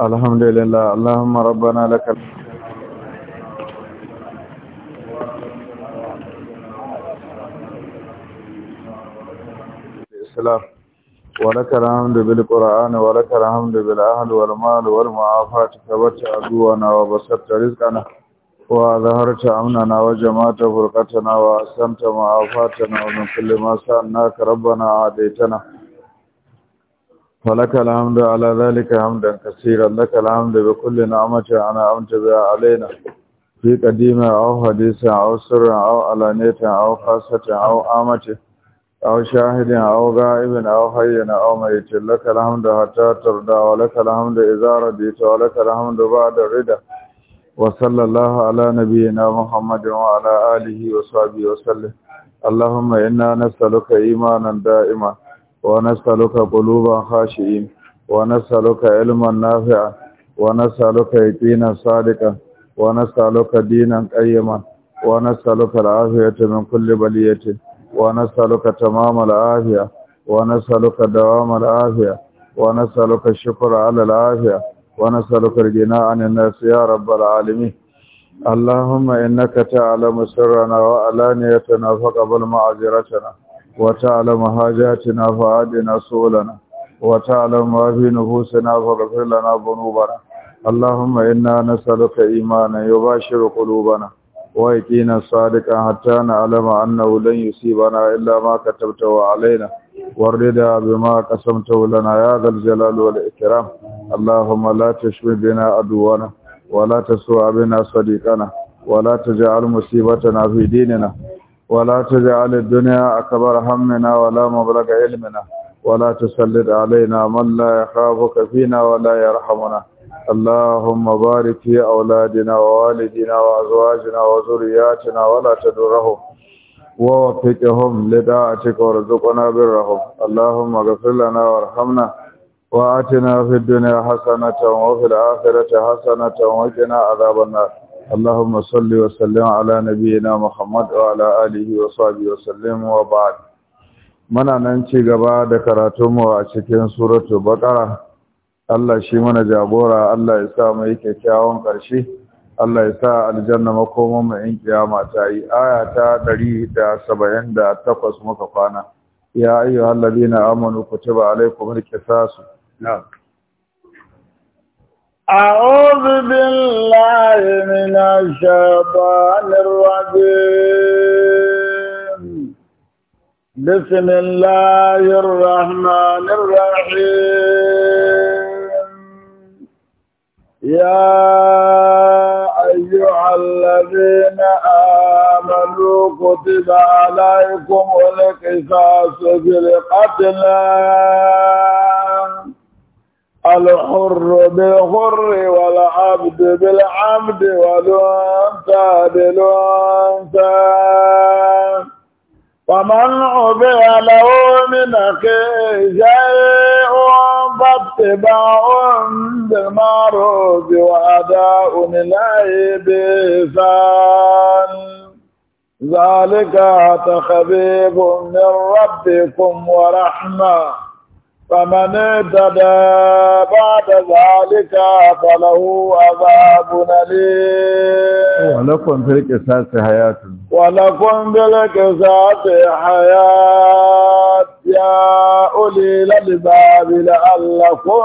الحمد لله اللهم ربنا لك الحمد الإسلام ولك الحمد بالقرآن ولك الحمد بالأهل والمال والمعافاة كبت عدونا وبسطت رزقنا وأظهرت أمننا وجمعت فرقتنا وأسلمت معافاتنا ومن كل ما سألناك ربنا عاديتنا فلك الحمد على ذلك حمدا كثيرا لك الحمد بكل نعمة أنا أمت بها علينا في قديمة أو حديثة أو سرة أو علانية أو خاصة أو آمة أو شاهد أو غائب أو حي أو ميت لك الحمد حتى ترضى ولك الحمد إذا رضيت ولك الحمد بعد الرضا وصلى الله على نبينا محمد وعلى آله وصحبه وسلم اللهم إنا نسألك إيمانا دائما ونسألك قلوبا خاشئين ونسألك علما نافعا ونسألك يقينا صادقا ونسألك دينا قيما ونسألك العافية من كل بلية ونسألك تمام العافية ونسألك دوام العافية ونسألك الشكر على العافية ونسألك الجناء عن الناس يا رب العالمين اللهم إنك تعلم سرنا وعلانيتنا فقبل معذرتنا وتعلم حاجاتنا فعادنا سولنا وتعلم ما في نفوسنا فغفر لنا ذنوبنا اللهم إنا نسألك إيمانا يباشر قلوبنا ويقينا صادقا حتى نعلم أنه لن يصيبنا إلا ما كتبته علينا والرضا بما قسمته لنا يا ذا الجلال والإكرام اللهم لا تشمل بنا عدونا ولا تسوء بنا صديقنا ولا تجعل مصيبتنا في ديننا ولا تجعل الدنيا أكبر همنا ولا مبلغ علمنا ولا تسلط علينا من لا يخافك فينا ولا يرحمنا اللهم بارك في أولادنا ووالدنا وأزواجنا وزرياتنا ولا تدرهم ووفقهم لداعتك ورزقنا برهم اللهم اغفر لنا وارحمنا وآتنا في الدنيا حسنة وفي الآخرة حسنة وقنا عذاب النار اللهم صل وسلم على نبينا محمد وعلى اله وصحبه وسلم وبعد muna nan ci gaba da karatunmu a cikin suratu baqara Allah shi mana jagora Allah ya sa mu kyakkyawan ƙarshe Allah ya sa aljanna makoman mu in kiyama ta yi aya ta 178 muka kwana ya ayyuhallazina amanu kutiba alaykumul qisas na'am أعوذ بالله من الشيطان الرجيم بسم الله الرحمن الرحيم يا أيها الذين آمنوا كتب عليكم القصاص في القتلى الحر بالحر والعبد بالعبد والأنثى بالأنثى ومن عبي له من أخيه شيء فاتباع بالمعروف وأداء إليه بإحسان ذلك تخفيف من ربكم ورحمه فمن اهتدى بعد ذلك فله عذاب أليم ولكم في القصاص حياة ولكم في القصاص حياة يا أولي الألباب لعلكم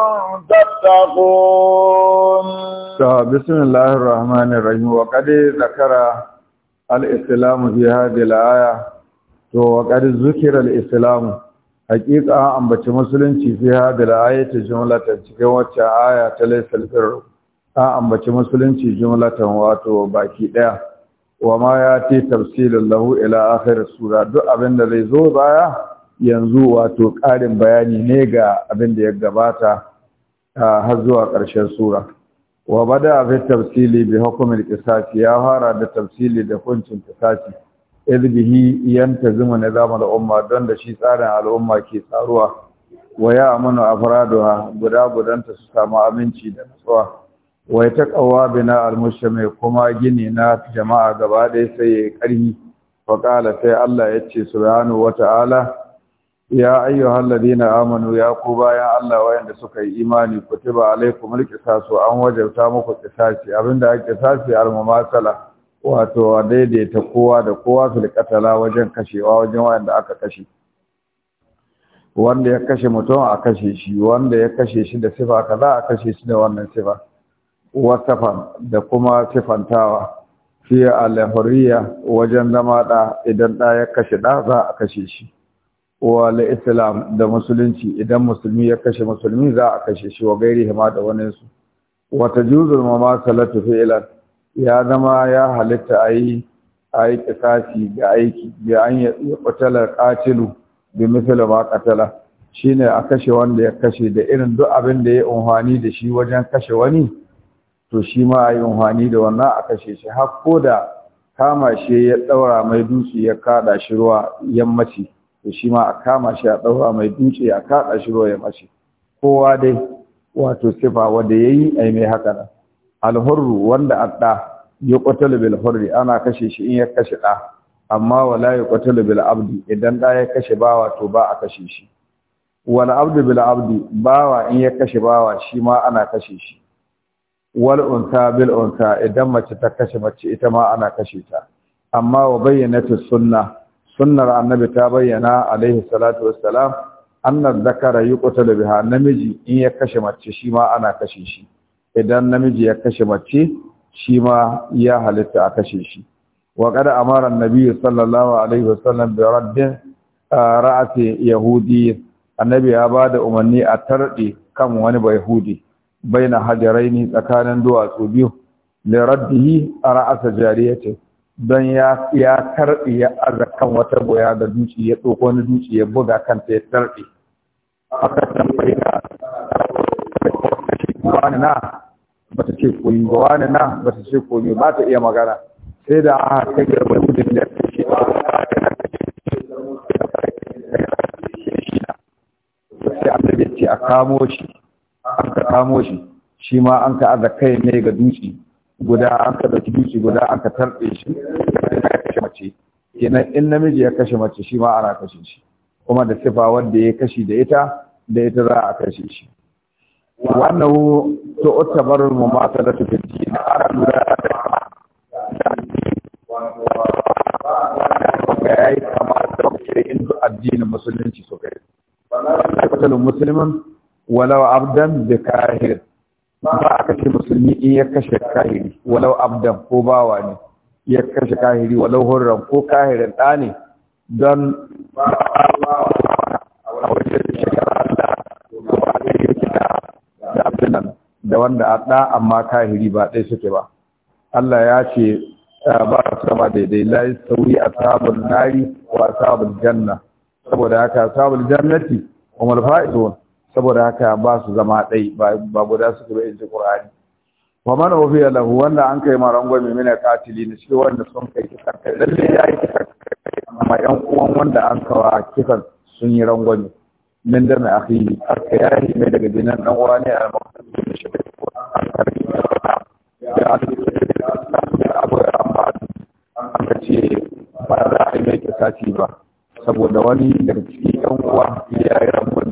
تتقون بسم الله الرحمن الرحيم وقد ذكر الإسلام في هذه الآية وقد ذكر الإسلام hakika an ambaci musulunci fi hadal ayati jumlatan cikin wacce aya ta laysal birr an ambaci musulunci jumlatan wato baki daya wa ma ti tafsilun lahu ila akhir sura duk abin da zai zo baya yanzu wato ƙarin bayani ne ga abin da ya gabata har zuwa ƙarshen sura wa bada fi tafsili bi hukumin qisas ya fara da tafsili da hukuncin qisasi izbihi yanta zuma nizamul umma don da shi tsarin al'umma ke tsaruwa wa ya amanu afraduha guda gudanta su samu aminci da nutsuwa wa ya taqawa bina almushtami kuma gini na jama'a gaba ɗaya sai ya karhi fa qala sai Allah ya ce subhanahu wa ta'ala ya ayyuhal ladina amanu ya ku bayan Allah wayanda suka yi imani kutiba alaikumul qisasu an wajabta muku qisasi abinda ake qisasi al mumasalah wato daidaita kowa da kowa fil qatala wajen kashewa wajen da aka kashe wanda ya kashe mutum a kashe shi wanda ya kashe shi da sifa za a kashe shi da wannan sifa wasafan da kuma sifantawa fi alhuriya wajen zama da idan da ya kashe da za a kashe shi wa islam da musulunci idan musulmi ya kashe musulmi za a kashe shi wa gairi hima da wani su wata juzul mamasalatu fi'lan ya zama ya halitta a yi a yi ga aiki da an yi kwatalar katilu da misali ma katala shi ne a kashe wanda ya kashe da irin duk abin da ya unhani da shi wajen kashe wani to shi ma a yi unhani da wannan a kashe shi har ko da kama shi ya ɗaura mai dutse ya kaɗa shi ruwa yammaci to shi ma a kama shi a ɗaura mai dutse ya kaɗa shi ruwa yammaci kowa dai wato sifa wanda ya yi a mai haka nan alhurru wanda adda kwatalu bil hurri ana kashe shi in ya kashe da amma wala kwatalu bil abdi idan da ya kashe bawa to ba a kashe shi wal abdu bil abdi bawa in ya kashe bawa shi ma ana kashe shi wal unsa bil unsa idan mace ta kashe mace ita ma ana kashe ta amma wa bayyanatu sunna sunnar annabi ta bayyana alaihi salatu wassalam annar zakara yuqtalu biha namiji in ya kashe mace shi ma ana kashe shi idan namiji ya kashe mace shi ma ya halitta a kashe shi wa kada amara annabi sallallahu alaihi wasallam bi raddin ra'ati yahudi annabi ya bada umarni a tarde kan wani bai yahudi baina hajaraini tsakanin duwatsu biyu li raddihi ra'asa jariyati dan ya ya tarde ya kan wata boya da duci ya doko wani duci ya buga kanta ya tarde aka tambaye ka wani na bata ce koyi ba wani nan bata ce koyi ba ta iya magana sai da aka kai da wani da ta ce sai annabi ya ce a kamo shi an ka kamo shi shi ma an ka aza kai ne ga dutse guda an ka dauki dutse guda an ka tarbe shi ya kashe mace kenan in namiji ya kashe mace shi ma ana kashe shi kuma da sifa wanda ya kashe da ita da ita za a kashe shi وأنه تعتبر المماثلة في الدين على ya yi kama da mushrikin duk addinin musulunci su kai katalin musulmin walau abdan da kahir ba a kashe musulmi in ya kashe kahiri walau abdan ko bawa ne ya kashe kahiri walau hurran ko kahirin ɗa ne don a wajen shekara da ba a kai yake mu'minan da wanda a ɗa amma kahiri ba ɗai suke ba Allah ya ce ba sama daidai sauri a sabon nari wa sabon janna saboda haka sabon jannati umul faizun saboda haka ba su zama ɗai ba guda suke ba inji qur'ani wa man ufiya lahu wanda an kai rangon mai mina katili ne shi wanda sun kai kisan kai lalle ya yi kisan kai amma yan uwan wanda an kawa kisan sun yi rangwame min dami akhihi aka yayi mai daga jinan dan uwa ne a makarantar da shi ko an da wata ya aka ce da abu ya amma aka ce ba za a yi mai kisasi ba saboda wani daga cikin yan uwa ya yi ramun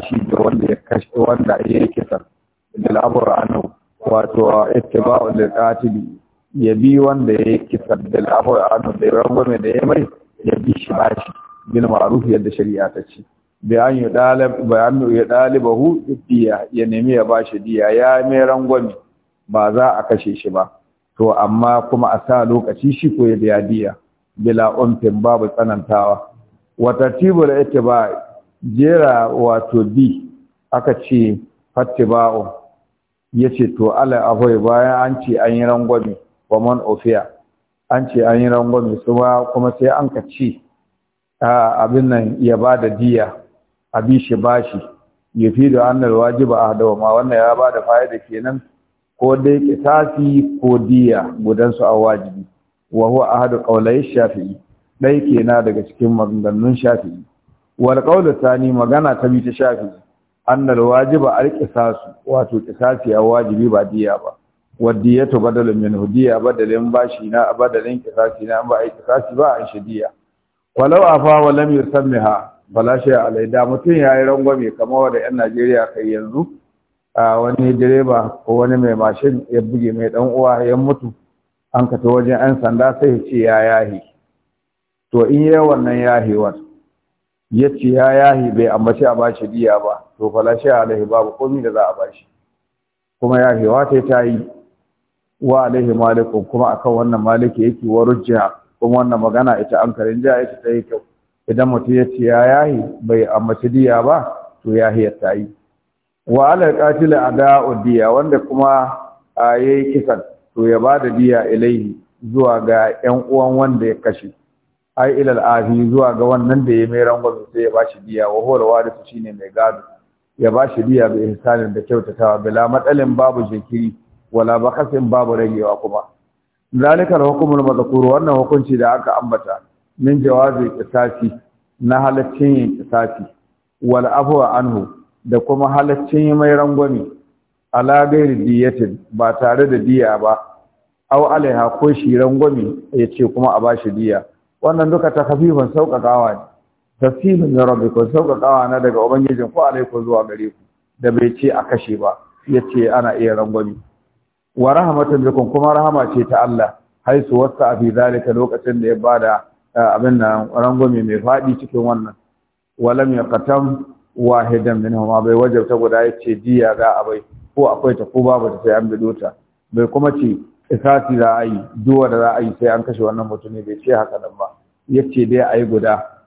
tashi da wanda ya kashe wanda ya yi kisan bil amr anhu wato ittiba'u lil qatil ya bi wanda ya yi kisan bil amr anhu da rangwame da ya mai ya bi shi ba shi, bil ma'ruf yadda shari'a ta ce bayan ya dalib bayan ya dalibahu diya ya nemi ya bashi diya ya mai rangwame ba za a kashe shi ba to amma kuma a sa lokaci shi ko ya biya diya bila umfin babu tsanantawa wa tartibul ba. jera wato bi aka ce fattiba'u ya ce to ala ahoi bayan an ce an yi rangwame wa man ofiya an ce an yi rangwame su ba kuma sai an ka ce abin nan ya ba da diya a bi shi bashi ya fi da annar wajiba a hadawa ma wannan ya ba da fa'ida kenan ko dai kitasi ko diya gudansu a wajibi wa huwa ahadu qawlai shafi'i dai kenan daga cikin maganganun shafi'i wal qawlu magana ta bi ta shafi annal wajiba a wato qisasi ya wajibi ba diya ba wadiyatu badalun min hudiya badalin bashi na badalin qisasi na ba ai qisasi ba an shidiya walau afa wa lam yusammiha bala shi alaida mutun yayi rangwame kamar wanda yan Najeriya kai yanzu a wani direba ko wani mai mashin ya buge mai dan uwa ya mutu an ka ta wajen 'yan sanda sai ya ce ya yahi to in yi wannan yahewar ya ce ya yahi bai ambaci a bashi diya ba to fala shi alaihi babu komai da za a bashi kuma hewa ta ta yi wa alaihi malikun kuma akan wannan maliki yake wa rujja kuma wannan magana ita an karin ja ita ta yi kyau idan mutum ya ce ya yahi bai ambaci diya ba to yahiyar ta yi wa alal qatil ada'u diya wanda kuma yayi kisan to ya bada diya ilaihi zuwa ga ƴan uwan wanda ya kashe ai ilal ahi zuwa ga wannan da ya mai rangwami sai ya bashi biya wa huwal warisu shine mai gado ya bashi biya bi ihsanin da kyautatawa bila matsalin babu jinkiri wala bakasin babu ragewa kuma zalikal hukumul mazkur wannan hukunci da aka ambata min jawazi qisasi na halaccin yin qisasi wal afwa anhu da kuma halaccin mai rangwami, ala gairi diyatin ba tare da diya ba au alaiha ko shi ya yace kuma a bashi diya wannan duka takfifan sauƙaƙawa ne tasfifin min ko sauƙaƙawa na daga ubangijin ku ko zuwa gare ku da bai ce a kashe ba yace ana iya rangwami wa bikum kuma rahama ce ta Allah haisu wasa a fi zalika lokacin da ya bada abin nan rangwami mai faɗi cikin wannan walam yaqtam wahidan minhum bai wajabta guda yace diya za a bai ko akwai ta ko babu ta sai an bido ta bai kuma ce isati za a yi duwa da za a yi sai an kashe wannan mutum ne bai ce haka nan ba yace dai ayi guda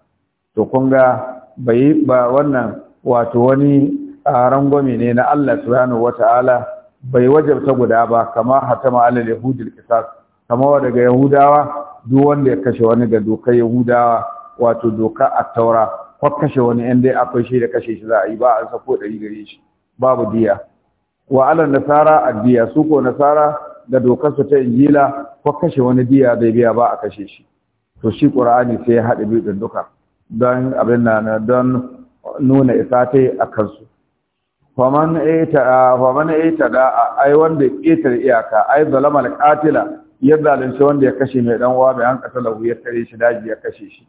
to kun ga bai ba wannan wato wani rangwame ne na Allah subhanahu wataala bai wajabta guda ba kama hatama alal yahudil qisas kama daga yahudawa duk wanda ya kashe wani ga dokar yahudawa wato doka a taura ko kashe wani in dai akwai shi da kashe shi za a yi ba a sako dari gare shi babu diya wa nasara addiya su ko nasara da dokar su ta injila ko kashe wani diya bai biya ba a kashe shi to shi ƙura'ani sai ya haɗa biyu ɗin duka don abin na don nuna isa ta a kansu faman ita da ai wanda ƙetar iyaka ai zalamar ƙatila ya zalunci wanda ya kashe mai ɗan uwa mai an kasa lagu ya kare shi daji ya kashe shi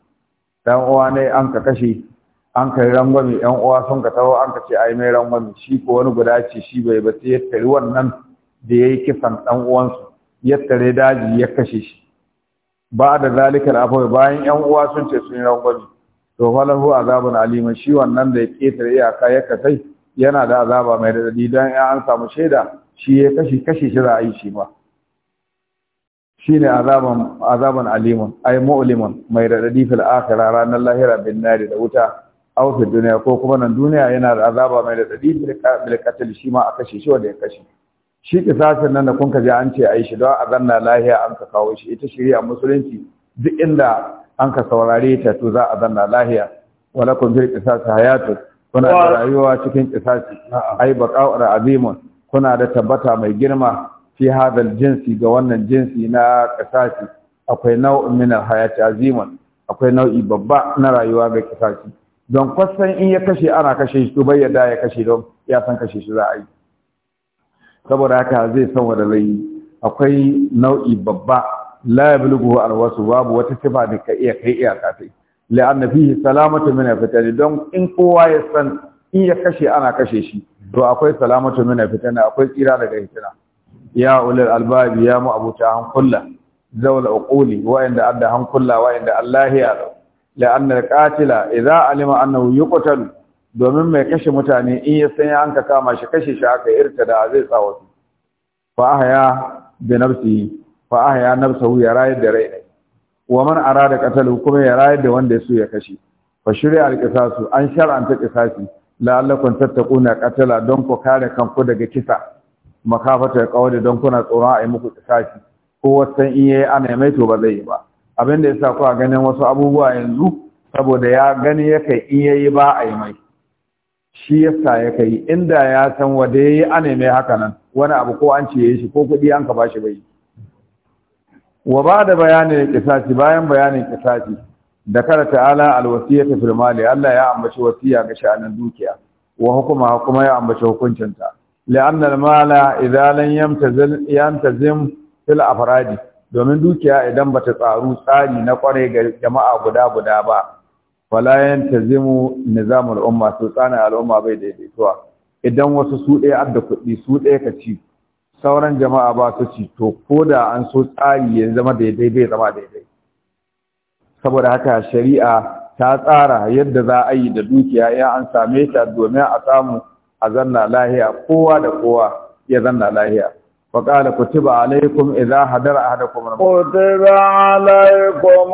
Ɗan uwa ne an ka kashe an ka rangwame ɗan uwa sun ka taho an ka ce ai mai rangwami, shi ko wani guda ce shi bai ba sai ya tare wannan da yi kisan ɗan uwansu ya tare daji ya kashe shi ba da zalikar afwa bayan yan uwa sun ce sun yi rangwami to falahu azabun aliman shi wannan da ya ketare iyaka ya kasai yana da azaba mai daɗi don ya an samu shaida shi ya kashi kashi shi za a yi shi ba Shi ne azaban aliman 'Ai mu'liman mai daɗi fil akira ranar lahira bin nari da wuta aw duniya ko kuma nan duniya yana da azaba mai daɗi bil qatl shi ma a kashe shi wanda ya kashe shi kisasin nan da kun kaji an ce ai shi don a zanna lahiya an ka kawo shi ita shari'a musulunci duk inda an ka saurare ta to za a zanna lahiya wala kun fil qisas hayatu kuna da rayuwa cikin kisasi ai baqa'u azimun kuna da tabbata mai girma fi hadal jinsi ga wannan jinsi na kisasi akwai nau'in min hayati azimun akwai nau'i babba na rayuwa ga kisasi don kwasan in ya kashe ana kashe shi to bai yarda ya kashe don ya san kashe shi za a yi saboda haka zai san wanda zai akwai nau'i babba la yablughu alwasu babu wata sifa da ka iya kai iyaka ta la'anna fihi salamatu min alfitan don in kowa ya san in ya kashe ana kashe shi to akwai salamatu min alfitan akwai tsira daga fitina ya ulul albab ya mu abuta hankulla zawal uquli wa inda adda hankulla wa inda allahi ya la'anna alqatila idza alima annahu yuqtalu domin mai kashe mutane in ya san an ka kama shi kashe shi aka irta da zai sa wasu fa ahya bi nafsi fa ahya nafsahu ya rayar da rai wa man arada qatalu kuma ya rayar da wanda su ya kashe fa shari'a al-qisasu an shar'anta qisasi la'allakum tattaquna qatala don ku kare kanku daga kisa makafata kawai don kuna tsoro a yi muku qisasi ko wasan in yayi ana mai to ba zai yi ba abinda yasa ku a ganin wasu abubuwa yanzu saboda ya gani yake in yayi ba a yi mai shi yasa ya kai inda ya san wanda yayi ane mai haka nan wani abu ko an ciye shi ko kuɗi an ka bashi bai wa ba da bayanin kisasi bayan bayanin kisasi da kara ta'ala alwasiyata fil mali Allah ya ambaci wasiya ga sha'anin dukiya wa hukuma kuma ya ambaci hukuncinta la'anna al-mala idza lam yamtazil yamtazim fil afradi domin dukiya idan bata tsaru tsari na kwarai ga jama'a guda guda ba falayan tazimu nizamul umma su tsana al'umma bai daidaituwa idan wasu su ɗaya adda kuɗi su ɗaya ka ci sauran jama'a ba su ci to ko da an so tsari ya zama daidai bai zama daidai saboda haka shari'a ta tsara yadda za a yi da dukiya ya an same ta domin a samu a zanna lahiya kowa da kowa ya zanna lahiya وقال كتب عليكم إذا حضر أحدكم الموت كتب عليكم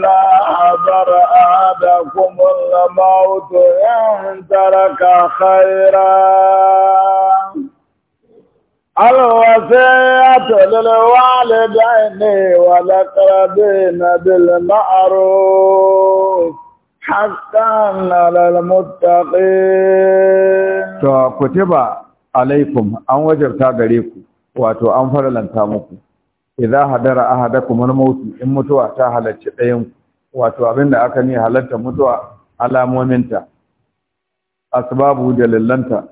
إذا حضر أحدكم الموت إن ترك خيرا الوصية للوالدين والأقربين بالمعروف حقا للمتقين. كتب عليكم أن وجبت عليكم wato an faralanta muku idza hadara ahadakum al-maut in mutuwa ta halarci ɗayan wato abinda aka ne halatta mutuwa alamominta asbabu dalilanta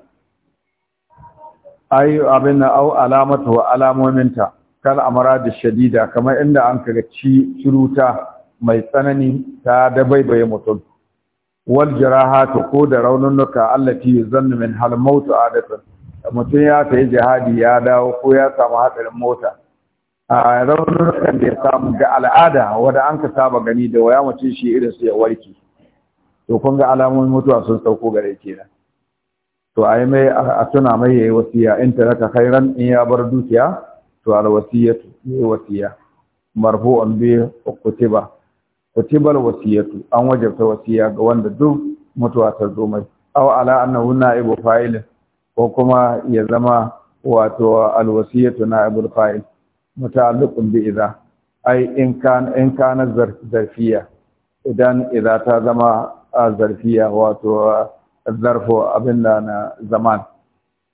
ay da au alamatu wa alamominta kal amrad shadida kamar inda an kaga ci ciruta mai tsanani ta dabaibaye mutum wal jarahatu ko da raununuka allati yuzannu min hal mautu adatan mutum ya tayi jihadi ya dawo ko ya samu hadarin mota raunukan da ya samu ga al'ada wadda an ka saba gani da waya mace shi irin su ya warke to kun ga alamomin mutuwa sun sauko gare nan to a yi mai a tuna mai ya yi wasiya in ta taraka khairan in ya bar dukiya to al wasiyatu yi wasiya an bi kutiba wasiyatu an wajabta wasiya ga wanda duk mutuwa ta zo mai aw ala annahu na'ibu fa'il ko kuma ya zama wato al wasiyatu na'ibul fa'il muta'alliqun bi idza ai in kana zarfiya idan idza ta zama zarfiya wato zarfu abin da na zaman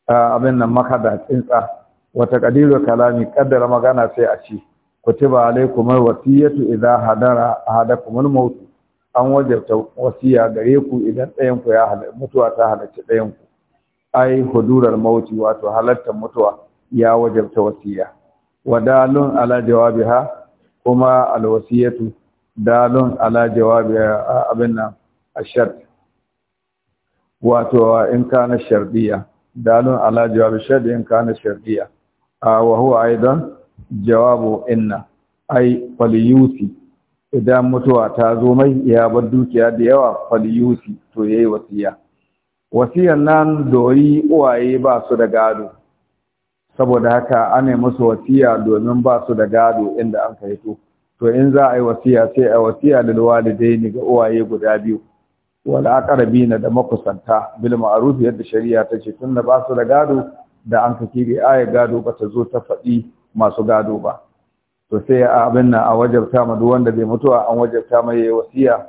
abin nan makada tsinsa wata kadiru kalami kaddara magana sai a ci kutiba alaikum alwasiyatu idza hadara ahadakum almaut an wajabta wasiya gare ku idan ɗayan ku ya mutuwa ta halarci ɗayan ku ai hudurar mauti wato halartar mutuwa ya wajabta wasiya wadalun ala jawabiha kuma alwasiyatu dalun ala jawabi abin nan ashart wato in kana shardiya dalun ala jawabi shart in kana shardiya wa huwa aidan jawabu inna ai faliyusi idan mutuwa ta zo mai ya bar dukiya da yawa faliyusi to yayi wasiya wasiyan nan doyi waye ba su da gado saboda haka ana musu wasiya domin ba su da gado inda an kai to in za a yi wasiya sai a wasiya walidai walidaini ga uwaye guda biyu wala aqrabina da makusanta bil ma'ruf yadda shari'a ta ce tunda ba su da gado da an kake kire aya gado ba ta zo ta faɗi masu gado ba to sai abin nan a wajabta ma duk wanda bai mutuwa an wajabta mai yayi wasiya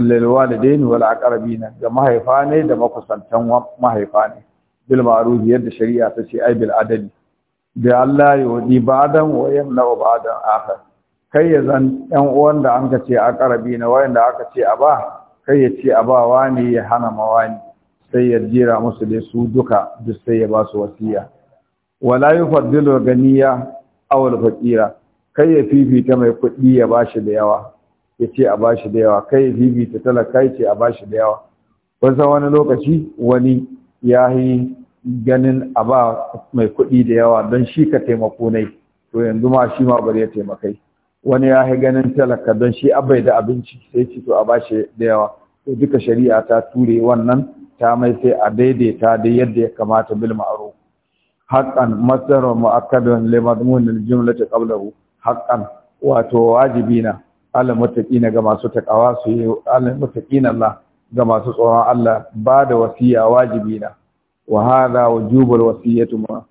lil walidaini wal aqrabina ga mahaifa ne da makusantan mahaifa bil ma'ruf yadda shari'a ta ce ai bil adali da Allah ya wadi ba'dan wa ub'adan ba'dan akhar kai ya zan ɗan uwan da an ce a karabi na da aka ce a ba kai ya ce a ba wani ya hana mawani sai ya jira musu da su duka duk sai ya ba su wasiya wala yufaddilu ganiya aw al-faqira kai ya fifita mai kuɗi ya shi da yawa ya ce a ba shi da yawa kai ya fifita talaka ya ce a ba shi da yawa wasan wani lokaci wani ya yi ganin a ba mai kuɗi da yawa don shi ka taimako nai to yanzu ma shi ma bari ya taimakai wani ya yi ganin talaka don shi abai da abinci sai ci to a ba shi da yawa to duka shari'a ta ture wannan ta mai sai a daidaita da yadda ya kamata bil ma'ruf haqqan masdar mu'akkadun li madmun al jumlati qablahu haqqan wato wajibina ala muttaqina ga masu takawa su yi ala muttaqina Allah ga masu tsoron Allah ba da wasiya wajibi na wa hadha wujubul wasiyatu ma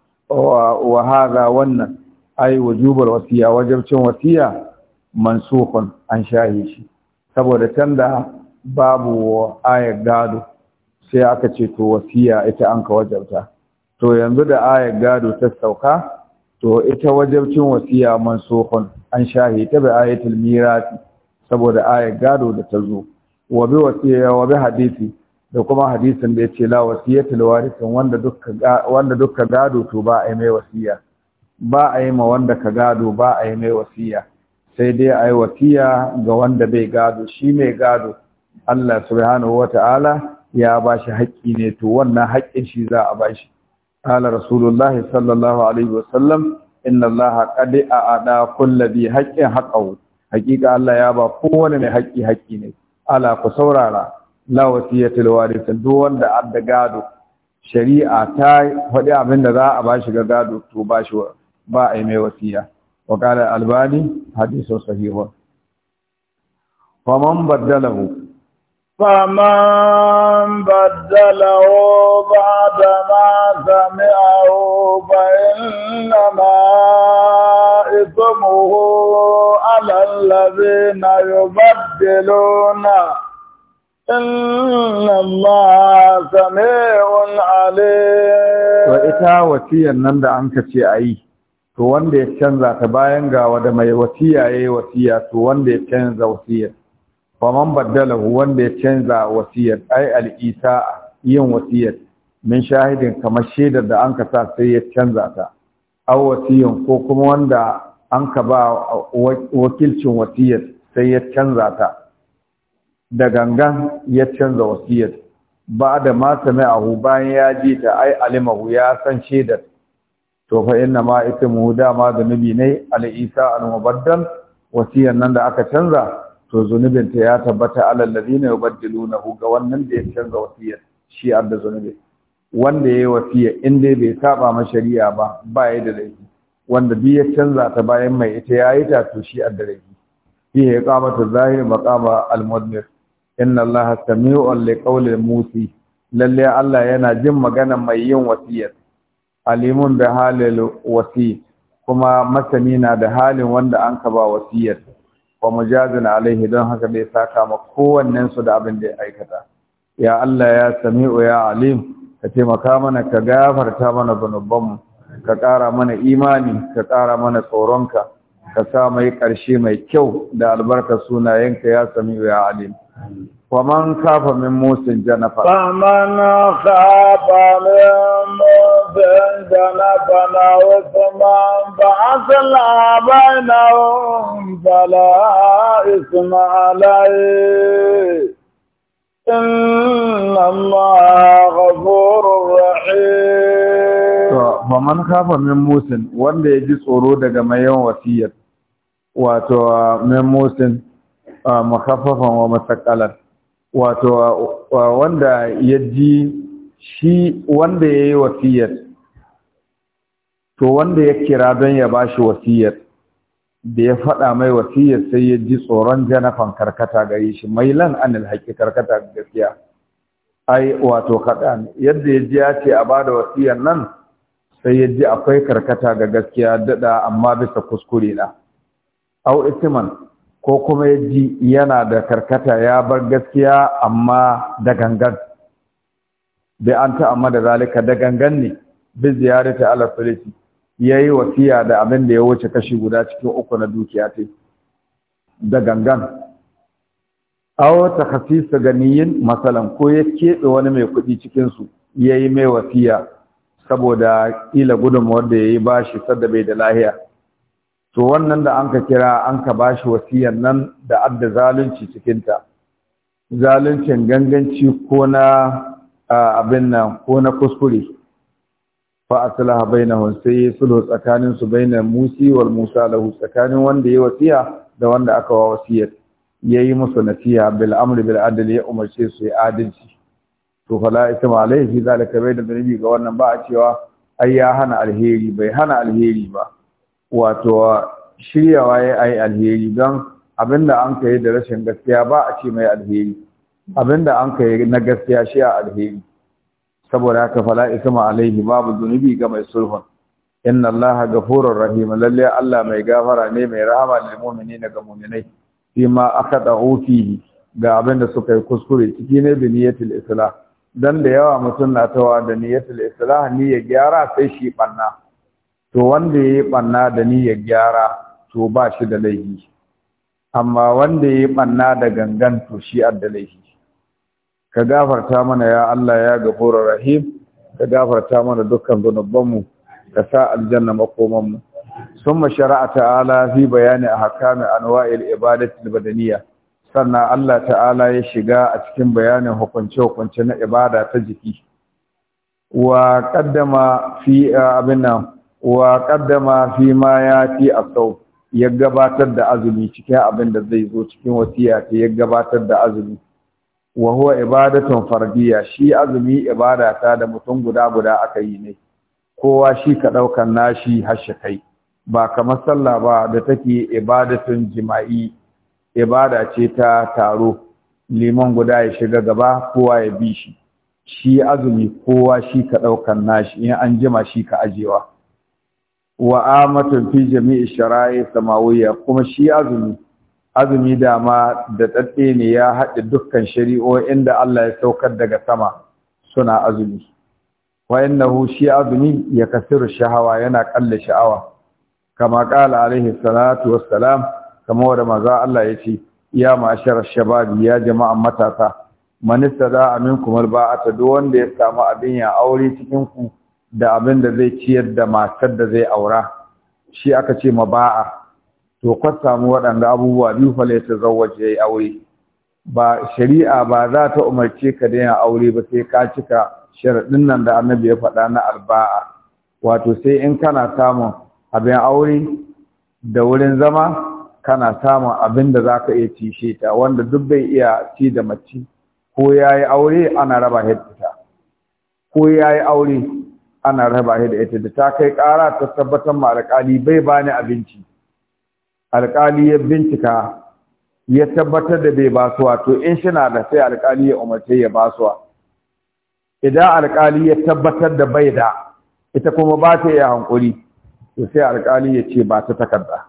wa hadha wannan ai wujubul wasiya wajibcin wasiya mansukhun an shahi shi saboda tanda babu ayar gado sai aka ce to wasiya ita an ka wajabta to yanzu da ayar gado ta sauka to ita wajabcin wasiya mansukhun an shahi ta bi ayatul mirasi saboda ayar gado da ta zo wa bi wasiya wa hadisi da kuma hadisin da ce la wasiyatul warisin wanda duk wanda ka gado to ba a yi mai wasiya ba a yi ma wanda ka gado ba a yi mai wasiya sai dai a yi wasiya ga wanda bai gado shi mai gado Allah subhanahu wata'ala ya bashi haƙƙi ne to wannan haƙƙin shi za a bashi قال رسول الله صلى الله عليه وسلم إن الله قد أعطى كل ذي حق حقه ya الله يابا mai من حقي حقي ala ku saurara la wasiyatul warith duk wanda adda gado shari'a ta faɗi abin da za a bashi ga gado to ba shi ba a yi mai wasiya wa qala albani hadithu sahih man badalahu فمن بدله بعد ما سمعه فإنما يئتمه على الذين يبدلون إن الله سميع عليم وإتا وسيا نند عنك شيئي to wanda ya canza ta bayan ga wanda mai wasiya yayi to wanda ya canza wasiyar fa man baddalahu wanda ya canza wasiyar ai al-isa yin wasiyar min shahidin kamar shaidar da anka ka sa sai ya canza ta aw wasiyan ko kuma wanda an ka ba wakilcin wasiyar sai ya canza ta da gangan ya canza wasiyar ba da ma ahu bayan ya ji ta ai alimahu ya san shaidar to fa inna ma ismuhu dama zunubi ne Ali isa al-mubaddal wasiyar nan da aka canza to zunubin ta ya tabbata alal ladina yubaddilunahu ga wannan da ya canza wasiyar shi adda zunubi wanda ya wasiya in dai bai saba ma shari'a ba ba ya da laifi wanda bi ya canza ta bayan mai ita ya yi ta a shi adda laifi fi ya kama ta zahiri maqama al-mudmir inna sami sami'un li qawli musi Lallai Allah yana jin magana mai yin wasiyar alimun da halil wasi kuma masani na da halin wanda an ka ba wasiyar wa mujazin alaihi don haka bai saka ma kowannen da abin da ya aikata ya Allah ya sami'u ya alim ka taimaka mana ka gafarta mana zunubanmu ka ƙara mana imani ka ƙara mana tsoronka ka sa mai ƙarshe mai kyau da albarka sunayenka ya sami ya alim ومن خاف من موسى جنفا فمن خاف من موسى جنفا وثما فأصلى بينهم فلا إثم عليه إن الله غفور رحيم فمن خاف من موسى wanda ya ji tsoro daga mai yawan wasiyar wato min musin mukhaffafan wa masakalar wato wanda ya ji shi wanda ya yi wasiyar to wanda ya kira don ya ba shi wasiyar da ya faɗa mai wasiyar sai ya ji tsoron janafan karkata gare shi mai lan anil haƙi karkata gaskiya ai wato kaɗan yadda ya ji ya ce a bada da wasiyar nan sai ya ji akwai karkata ga gaskiya daɗa amma bisa kuskure na au itiman ko kuma ya ji yana da karkata ya bar gaskiya amma da gangan bai an ta amma da zalika da gangan ne bi ziyarata Allah filisi ya yi wasiya da abin da ya wuce kashi guda cikin uku na dukiya ta da gangan awo ta hasisa ganiyin masalan ko ya keɓe wani mai kuɗi cikinsu ya yi mai wasiya saboda ƙila gudunmawar da ya yi ba shi sadda bai da lahiya to wannan da an ka kira an ka ba shi wasiyan nan da adda zalunci cikinta zaluncin ganganci ko na abin nan ko na kuskure fa bai na sai ya sulhu tsakanin su na musi wal musa lahu tsakanin wanda ya wasiya da wanda aka wa wasiyar yi musu nasiha bil amri bil adal, ya umarce su ya adalci to fala isma alaihi zalika bai da zanibi ga wannan ba a cewa ai ya hana alheri bai hana alheri ba wato shiryawa ya ai alheri don abinda an kai da rashin gaskiya ba a ce mai alheri abinda an kai na gaskiya shi a alheri saboda haka fala isma alaihi babu zunubi ga mai sulhun inna allaha ghafurur rahim lalle allah mai gafara ne mai rahama lil mu'minina ga mu'minai fi ma akada fihi ga abin da suka yi kuskure ciki ne bi niyyatul islah dan da yawa mutum na tawa da niyyatul islah niyya gyara sai shi banna to wanda yayi banna da niyya gyara to ba shi da laifi amma wanda yayi banna da gangan to shi adda ka gafarta mana ya Allah ya gafura rahim ka gafarta mana dukkan zunubanmu ka sa aljanna makomanmu summa shari'a ta'ala fi bayani ahkami anwa'il ibadati albadaniyya sannan Allah ta'ala ya shiga a cikin bayanin hukunce-hukunce na ibada ta jiki wa qaddama fi abinna wa qaddama fi ma yati ya gabatar da azumi cikin abin da zai zo cikin wasiya ta ya gabatar da azumi wa huwa ibadatun fardiyya shi azumi ibada ta da mutum guda guda aka yi ne kowa shi ka daukan nashi hashe kai ba kamar sallah ba da take ibadatun jima'i ibada ce ta taro liman guda ya shiga gaba kowa ya bi shi shi azumi kowa shi ka daukan nashi in an jima shi ka ajewa wa amatun fi jami'i shara'i samawiyya kuma shi azumi azumi dama da tsatte ne ya haɗe dukkan shari'o'in da Allah ya saukar daga sama suna azumi Wayan na shi azumi ya kasiru shahawa yana kalla sha'awa kama ƙala alaihi salatu wassalam kama da maza Allah ya ce ya mashar shababi ya jama'a matasa za a min kumar ba'a ta duk wanda ya samu abin ya aure cikin ku da abin da zai ciyar da matar da zai aura shi aka ce ma ba'a. to kwat samu waɗanda abubuwa biyu fa lai ta yayi ya aure ba shari'a ba za ta umarce ka da yin aure ba sai ka cika sharaɗin nan da annabi ya faɗa na arba'a wato sai in kana samun abin aure da wurin zama kana samun abin da za ka iya cishe ta wanda duk bai iya ci da mace ko ya yi aure ana raba ta ko ya yi aure ana raba hidda ita da ta kai ƙara ta tabbatar ma alƙali bai bani abinci alƙali ya bincika ya tabbatar da bai basuwa to in shina da sai alƙali ya umarce ya basuwa idan alƙali ya tabbatar da bai da ita kuma ba ta yi hankuri to sai alƙali ya ce ba ta takarda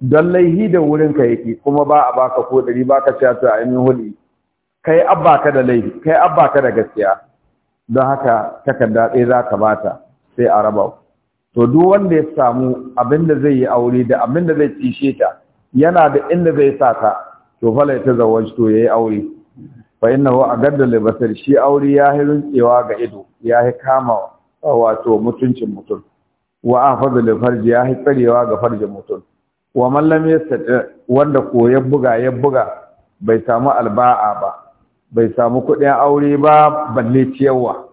don laihi da wurin ka yake kuma ba a baka ko ɗari ba ka a yi huli kai abba da laihi kai abba da gaskiya don haka takarda ɗaya za ka bata sai a raba to duk wanda ya samu abin da zai yi aure da abin da zai cishe ta yana da inda zai sa ta to fala ta tazawwaj to yayi aure fa wa agadda li basar shi aure ya yi rutsewa ga ido ya yi kama wato mutuncin mutum wa afadhu li farji ya yi tsarewa ga farjin mutum wa man lam yastati wanda ko ya buga ya buga bai samu alba'a ba bai samu kuɗin aure ba balle ciyarwa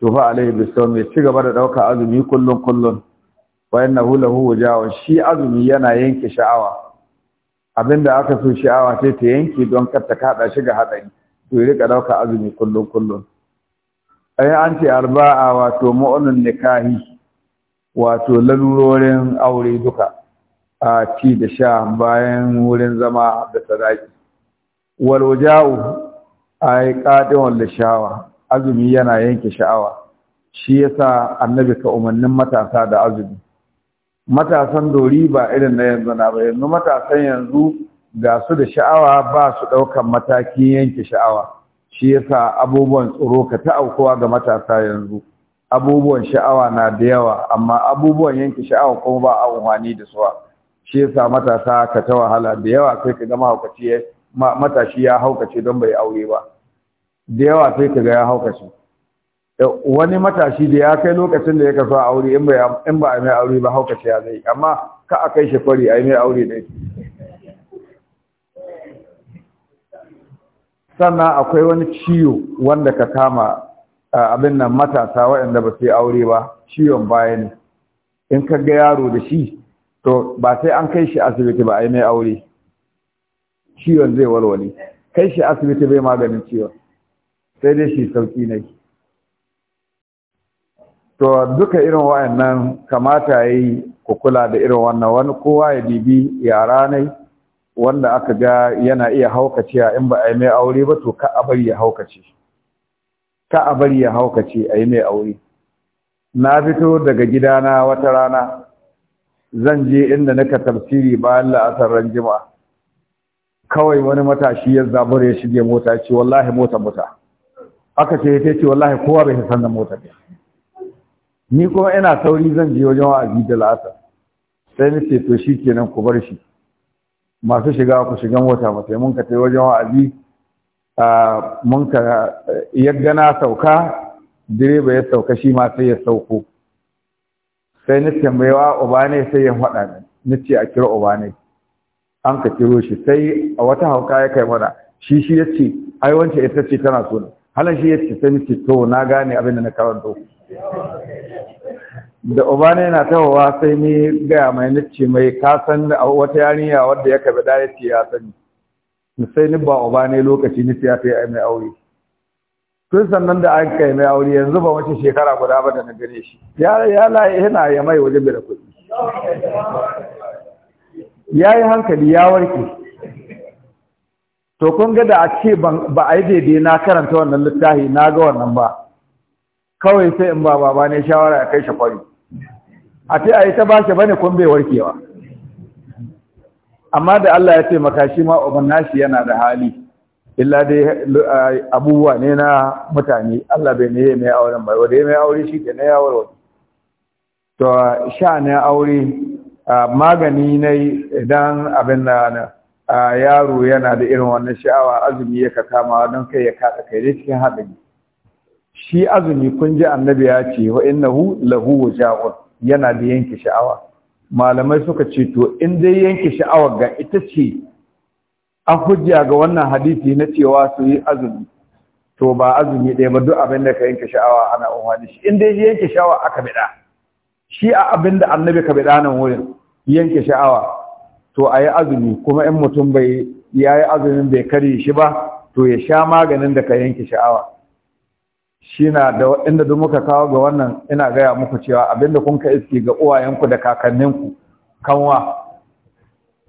tufa fa alaihi bisawm ya ci gaba da ɗauka azumi kullum bayan na hula lahu wajawa shi azumi yana yanke sha'awa abinda aka so sha'awa sai ta yanke don kar ta kada shi ga hadari to ya rika ɗauka azumi kullum-kullum. ai an ce arba'a wato mu'unun nikahi wato lalurorin aure duka a ci da sha bayan wurin zama da sadaki wal waja'u ai qadin wal shawa azumi yana yanke sha'awa shi yasa annabi ka umarnin matasa da azumi matasan dori ba irin na yanzu na ba yanzu matasan yanzu ga su da sha'awa ba su ɗaukan matakin yanke sha'awa shi yasa abubuwan tsoro ka ta aukuwa ga matasa yanzu abubuwan sha'awa na da yawa amma abubuwan yanke sha'awa kuma ba a umarni da suwa shi yasa matasa ka ta wahala da yawa kai ka ga haukaci matashi ya haukace don bai aure ba da yawa sai ka ga ya haukace eh, wani matashi da ya kai lokacin da ya kaso a aure in ba a mai aure ba haukace ya zai amma ka a kai shi kwari a yi mai aure ne sannan akwai wani ciwo wanda ka kama abin nan matasa waɗanda ba su yi aure ba ciwon baya ne in ka ga yaro da shi to ba sai an kai shi asibiti ba a yi mai aure ciwon zai walwale kai shi asibiti bai maganin ciwon sai dai shi sauki ne to duka irin wa'annan kamata ya yi kula da irin wannan wani kowa ya bibi yara ne wanda aka ga yana iya haukacewa in ba a yi mai aure ba to ka a bari ya haukace ka a bari ya haukace a yi mai aure na fito daga gidana wata rana zan je inda nika tafsiri bayan la'asar ran jima'a kawai wani matashi ya zabar ya shige mota ce wallahi mota mota aka ce ya ce wallahi kowa bai san da motar ya ni kuma ina sauri zan je wajen wa'azi da la'asar sai ni ce to shi kenan ku bar shi masu shiga ku shiga mota mu sai mun ka tai wajen wa'azi mun ka yagga na sauka direba ya sauka shi ma sai ya sauko sai ni tambayewa uba ne sai ya faɗa ni ni ce a kira uba ne an ka kiro shi sai a wata hauka ya kai mana shi shi ya ce ai wancan ita ce tana so halin shi ya ce to na gane abin da na karanto da obana yana tahowa sai ni gaya mai nace mai kasan wata yarinya wadda ya kabe da ya ya sani sai ni ba obana lokaci ni ya ta mai aure tun sannan da an kai mai aure yanzu ba wace shekara guda ba da na gane shi ya la yana ya mai wajen da kuɗi yayi hankali ya warke to kun ga da a ce ba a yi daidai na karanta wannan littafi na ga wannan ba kawai sai in ba baba ne shawara a kai shi kwari a ce a yi ta bashi ne kun bai warkewa amma da Allah ya taimaka shi ma uban nashi yana da hali illa dai eh, abubuwa ne na mutane Allah bai ne mai auren bai wanda mai aure shi ke na yawar to sha na aure eh, magani na idan abin na a yaro yana da irin wannan sha'awa azumi ya ka kama don kai ya kada kai dai cikin haɗari shi azumi kun ji annabi ya ce wa innahu lahu waja'un yana da yanke sha'awa malamai suka ce to in dai yanke sha'awar ga ita ce a hujja ga wannan hadisi na cewa su yi azumi to ba azumi ɗaya ba duk abin da ka yanke sha'awa ana da shi in dai yanke sha'awa aka biɗa shi a abin da annabi ka biɗa nan wurin yanke sha'awa to a yi azumi kuma in mutum bai ya yi azumin bai kare shi ba to ya sha maganin da ka yanke sha'awa shi na da inda duk muka kawo ga wannan ina gaya muku cewa abinda kun ka iske ga uwayenku da kakanninku kanwa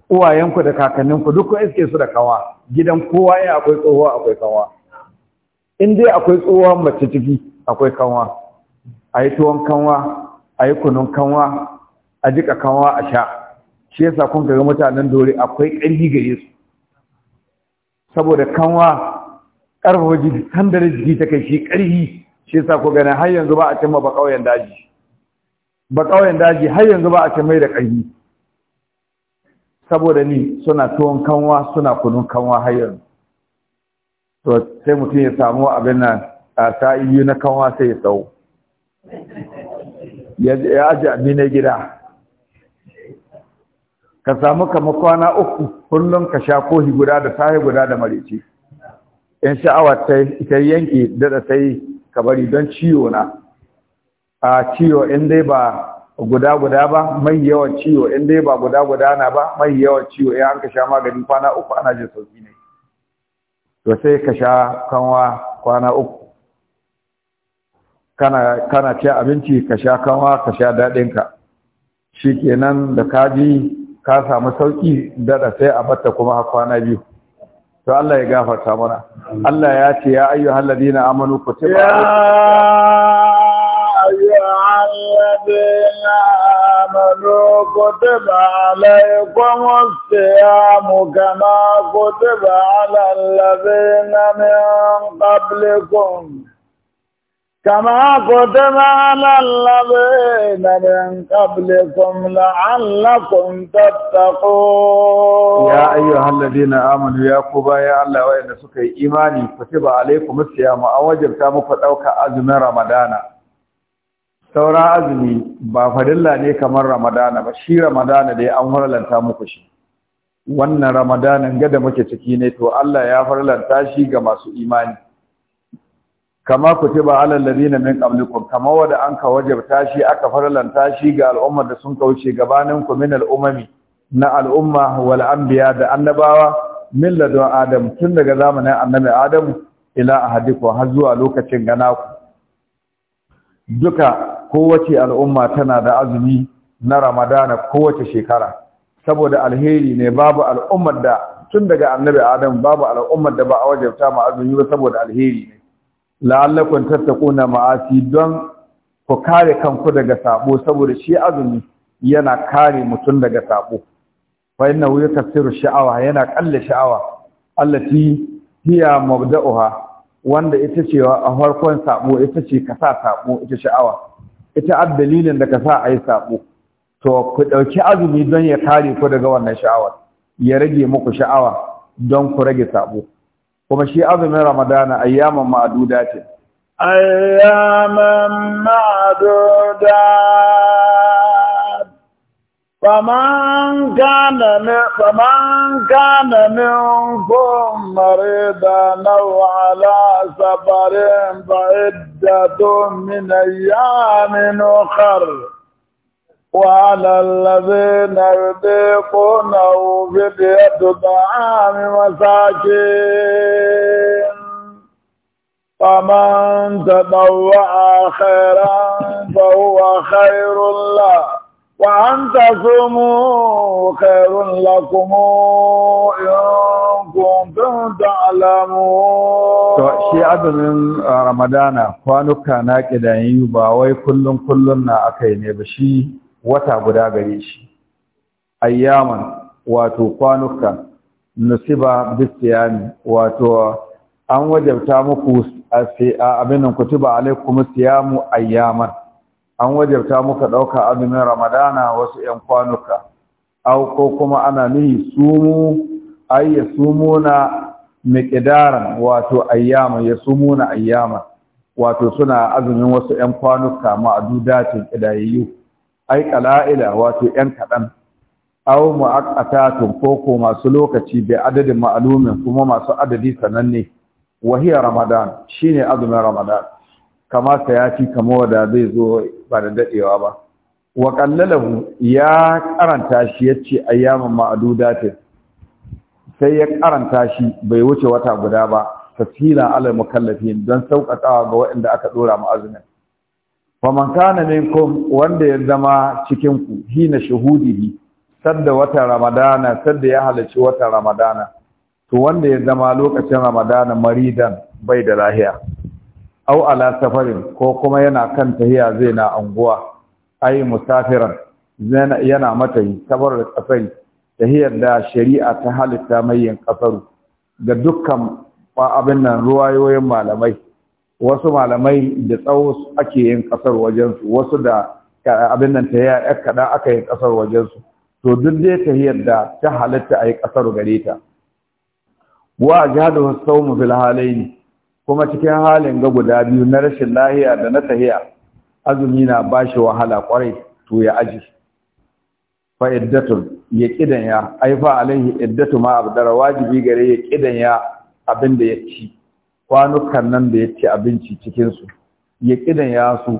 uwayenku da kakanninku duk kun iske su da kanwa gidan kowa ya akwai tsohuwa akwai kanwa in dai akwai tsohuwa mace ciki akwai kanwa a yi tuwon kanwa a yi kunun kanwa a jika kanwa a sha shi yasa kun ga mutanen dore akwai ƙarfi gare su saboda kanwa ƙarfafa jiki sandar jiki ta kai shi ƙarfi shi yasa ku gani har yanzu ba a cimma ba ƙauyen daji ba ƙauyen daji har yanzu ba a cimma da ƙarfi saboda ni suna tuwon kanwa suna kunun kanwa har yanzu to sai mutum ya samu abin nan a sa'iyu na kanwa sai ya tsawo ya aji abin na gida ka samu kama kwana uku kullum ka sha kohi guda da sahi guda da marici in sha'awa ta yi yanke daɗa ta yi ka bari don ciwo na a ciwo in dai ba guda guda ba mai yawan ciwo in dai ba guda guda na ba mai yawan ciwo ya an ka sha magani kwana uku ana jin sauki ne to sai ka sha kanwa kwana uku kana kana ci abinci ka sha kanwa ka sha daɗinka shikenan da kaji ka samu sauki dada sai a batta kuma har kwana biyu to Allah ya gafarta mana Allah ya ce ya ayyuhal ladina amanu kutiba ya ayyuhal ladina amanu kutiba alaykumus siyam kama kutiba alal ladina min qablikum kama kutuba lallabe na min qablikum la'allakum tattaqun ya ayyuhal ladina amanu ya kuba ya Allah wayanda suka yi imani kutuba alaykum as mu! aw wajabta muku dauka azumin ramadana Sauran azumi ba fadilla ne kamar ramadana ba shi ramadana dai an horalanta muku shi wannan ramadanan ga da muke ciki ne to Allah ya horalanta shi ga masu imani kama kutiba alal ladina min qablikum kama wada anka wajabta shi aka faralanta shi ga al'ummar da sun kauce gabanin ku min al'umami na al'umma wal anbiya da annabawa min ladu adam tun daga zamanin annabi adam ila ahadiku har zuwa lokacin gana ku duka kowace al'umma tana da azumi na ramadana kowace shekara saboda alheri ne babu al'ummar da tun daga annabi adam babu al'ummar da ba a wajabta ma azumi ba saboda alheri ne la'allakum na ma'asi don ku kare kanku daga sabo saboda shi azumi yana kare mutum daga sabo fa innahu yakasiru sha'awa yana ƙalla sha'awa allati hiya mabda'uha wanda ita ce a farkon sabo ita ce ka sa sabo ita sha'awa ita ad dalilin da ka sa yi sabo to ku ɗauki azumi don ya kare ku daga wannan sha'awa ya rage muku sha'awa don ku rage sabo kuma shi azumin ramadana ayyaman ce ayyaman ma'adudat faman kana min faman kana minkum maridan aw ala safarin fa iddatun min ayyamin ukhra وعلى الذين يطيقونه فدية طعام مساكين فمن تطوع خيرا فهو خير له وأن تصوموا خير لكم إن كنتم تعلمون to shi azumin ramadana kwanuka na kidayi ba wai kullum kullum na akai ne ba shi wata guda gare shi ayyaman wato kwanuka nusiba bisiyami wato an wajabta muku abin nan kutuba alaikum siyamu ayyaman an wajabta muka ɗauka azumin ramadana wasu yan kwanuka au ko kuma ana nihi sumu ay sumuna miqdaran wato ayyama sumuna ayyama wato suna azumin wasu yan kwanuka ma'dudatin idayyu ai kalaila wato yan kaɗan, aw mu'aqqatatun ko ko masu lokaci bai adadin maalumin kuma masu adadi sananne wa ramadan shine azumin ramadan kama sayati kama wada zai zo ba da dadewa ba wa qallalahu ya karanta shi yace ayyaman ma'dudatin sai ya karanta shi bai wuce wata guda ba tafsila alal mukallafin don sauƙaƙawa ga waɗanda aka ɗora mu azumin fa man kana minkum wanda ya zama cikin ku hina bi sadda wata ramadana sadda ya halarci wata ramadana to wanda ya zama lokacin ramadana maridan bai da lahiya au ala safarin ko kuma yana kan tahiya zai na anguwa ai musafiran yana mata sabar da kasari tahiyar da shari'a ta halitta mai yin kasaru ga dukkan abin nan ruwayoyin malamai wasu malamai da tsawo ake yin kasar wajensu wasu da abin nan ta yaya kaɗan aka yi kasar wajensu to duk dai ta yadda ta halatta a yi kasar gare ta wa jihadu saumu fil halaini kuma cikin halin ga guda biyu na rashin lahiya da na tahiya azumi na bashi wahala kwarai to ya aji fa iddatun ya kidan ya aifa alaihi iddatu ma abdara wajibi gare ya kidan ya abin da ya ci kwanukan nan da ya ci abinci cikinsu ya ƙidan ya su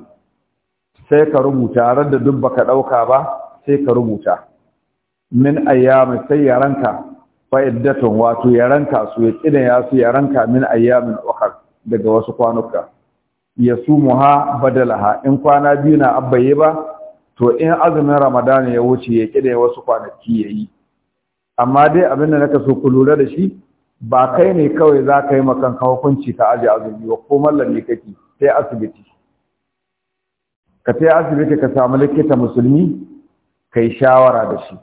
sai ka rubuta ran da duk baka ɗauka ba sai ka rubuta min ayyami sai ya ranka fa'iddatun wato ya ranka su ya ƙidan ya su ya min ayyamin ukhar daga wasu kwanuka ya muha badalaha in kwana biyu na abbaye ba to in azumin ramadan ya wuce ya ƙidan wasu kwanaki yayi amma dai abin da naka so ku lura da shi ba kai ne kawai za ka yi makanka hukunci ka aje azumi ba ko mallami kake sai asibiti ka sai asibiti ka samu likita musulmi ka shawara da shi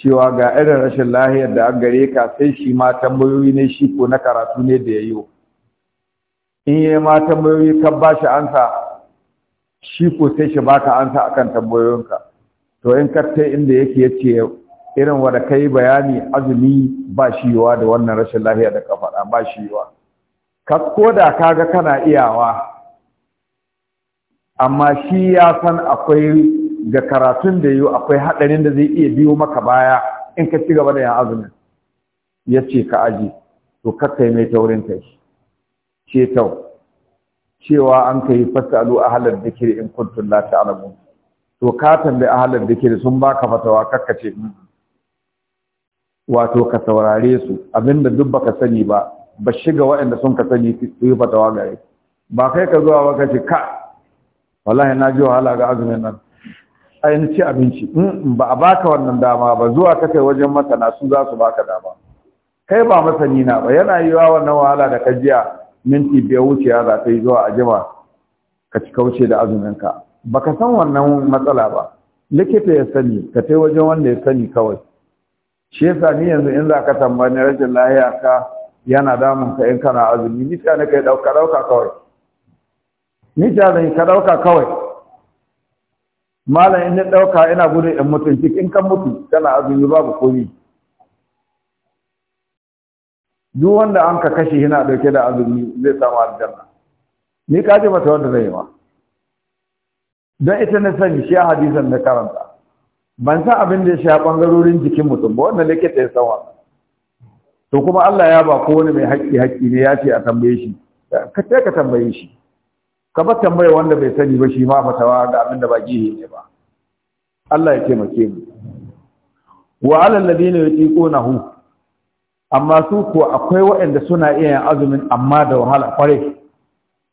cewa ga irin rashin lahiyar da an gare ka sai shi ma tambayoyi ne shi ko na karatu ne da ya yi in yi ma tambayoyi kan ba shi ansa shi ko sai shi baka ansa akan tambayoyinka to in ka inda yake yace irin wanda kai bayani azumi ba shi yiwa da wannan rashin lafiya da ka faɗa ba shi yiwa ka koda ga kana iyawa amma shi ya san akwai ga karatun da yau akwai haɗarin da zai iya biyo maka baya in ka ci gaba da yan azumin ya ce ka aji to kakkai mai taurin kai ta, cewa an ka yi fasalu a halar dikiri in kuntun la ta'lamun to ka tambayi a halar dikiri sun baka fatawa kakkace wato ka saurare su abinda duk baka sani ba ba shiga waɗanda sun ka sani su yi fatawa gare ba kai ka zuwa ba ka ka wallahi na ji wahala ga azumin nan ni ci abinci mm, ba a baka wannan dama ba zuwa ka kai wajen masana su za su baka dama kai ba masani na ba yana yiwa wannan wahala da ka jiya minti biyar ya za ta yi zuwa a jima ka ci kauce da azumin ka baka san wannan matsala ba likita ya sani ka tai wajen wanda ya sani kawai shi yasa ni yanzu in za ka tambani rashin lahiya ka yana damun ka in kana azumi ni ta ne kai dauka dauka kawai ni ta ne ka dauka kawai malam in ni dauka ina gudun in mutun ciki in kan mutu kana azumi babu komi duk wanda an ka kashe yana dauke da azumi zai samu aljanna ni ka ji mata wanda zai yi wa don ita na sani shi hadisan na karanta ban san abin da ya sha ɓangarorin jikin mutum ba wannan likita ya sawa to kuma Allah ya ba kowane mai haƙƙi haƙƙi ne ya ce a tambaye shi ka ce ka tambaye shi ka ba tambaye wanda bai sani ba shi ma fatawa ga abin da ba gihe ne ba Allah ya taimake mu wa alal ladina yutiqunahu amma su ko akwai waɗanda suna iya yin azumin amma da wahala kware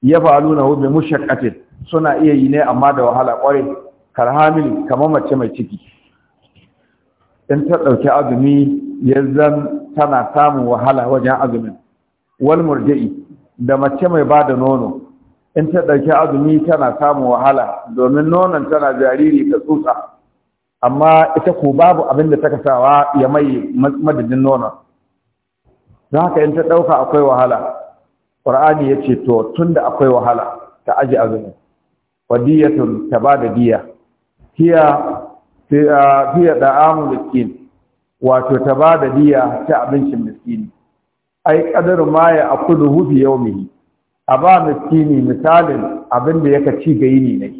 ya faluna hu bi mushaqqatin suna iya yi ne amma da wahala kware karhamil kamar mace mai ciki in ta ɗauki azumi ya zan tana samun wahala wajen azumin wal murji'i da mace mai ba da nono in ta ɗauki azumi tana samun wahala domin nonon tana jariri ta tsutsa amma ita ko babu abin da ta kasawa ya mai madadin nonon don haka in ta ɗauka akwai wahala ƙur'ani ya ce to tun da akwai wahala ta aji azumi wadiyatun ta ba da diya Kiya. fiye da amu miskin wato ta ba da diya ta abincin miskini ai kadar ma ya akudu hufi yaumihi a ba miskini misalin abin da yaka ci ga yi ne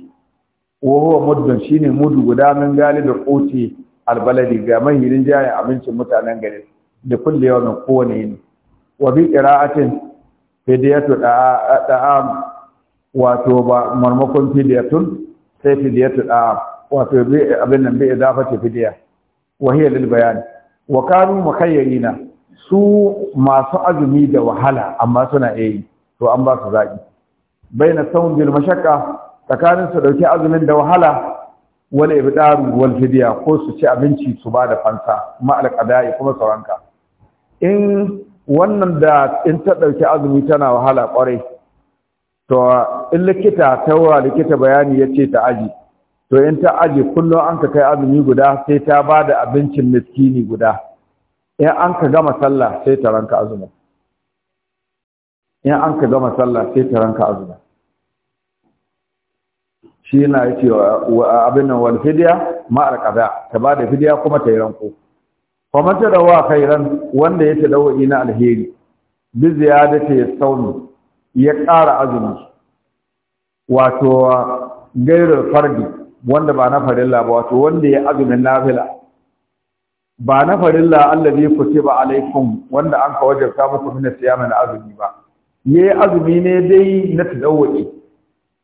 wa huwa muddun shine mudu guda min da qoti albaladi ga mahirin jayin abincin mutanen gari da kulle yawan kowane yini wa bi qira'atin fidiyatu da'am wato ba marmakon fidiyatun sai fidiyatu da'am wato abin nan bi idafati fidiya wa hiya lil bayan wa kanu mukhayyirina su masu azumi da wahala amma suna yi to an ba su zaki baina saun bil mashaqqa tsakanin su dauki azumin da wahala wal ibdaru wal fidiya ko su ci abinci su ba da fansa ma al qada'i kuma sauranka in wannan da in ta ɗauki azumi tana wahala kwarai to in likita ta wa likita bayani ya ce ta aji to in ta aje kullum an ka kai azumi guda sai ta ba da abincin miskini guda in an ka gama sallah sai ta ranka azumin in an ka gama sallah sai ta ranka azumin shi yana yake abin nan wal fidya ma'ar qada ta ba da fidya kuma ta yi ranko fa mata da wa khairan wanda ya ta dawo ina alheri bi ziyadati sawmi ya ƙara azumi wato gairar fardi wanda ba na farilla ba wato wanda ya azumin nafila ba na farilla allazi kutiba alaikum wanda an ka wajabta muku min siyama na azumi ba yayi azumi ne dai na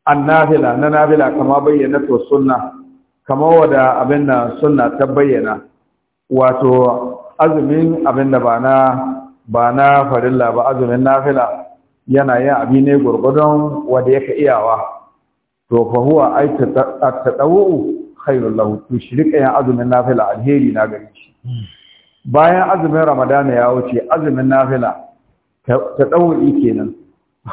An annafila na nafila kama bayyana to sunna kama wada abin da sunna ta bayyana wato azumin abin da ba na ba na farilla ba azumin nafila yana yin abi ne gurgudun wanda yake iyawa to fa huwa ay tadawu khairul lahu to shirka ya azumin nafila alheri na gare shi bayan azumin ramadana ya wuce azumin nafila tadawu kenan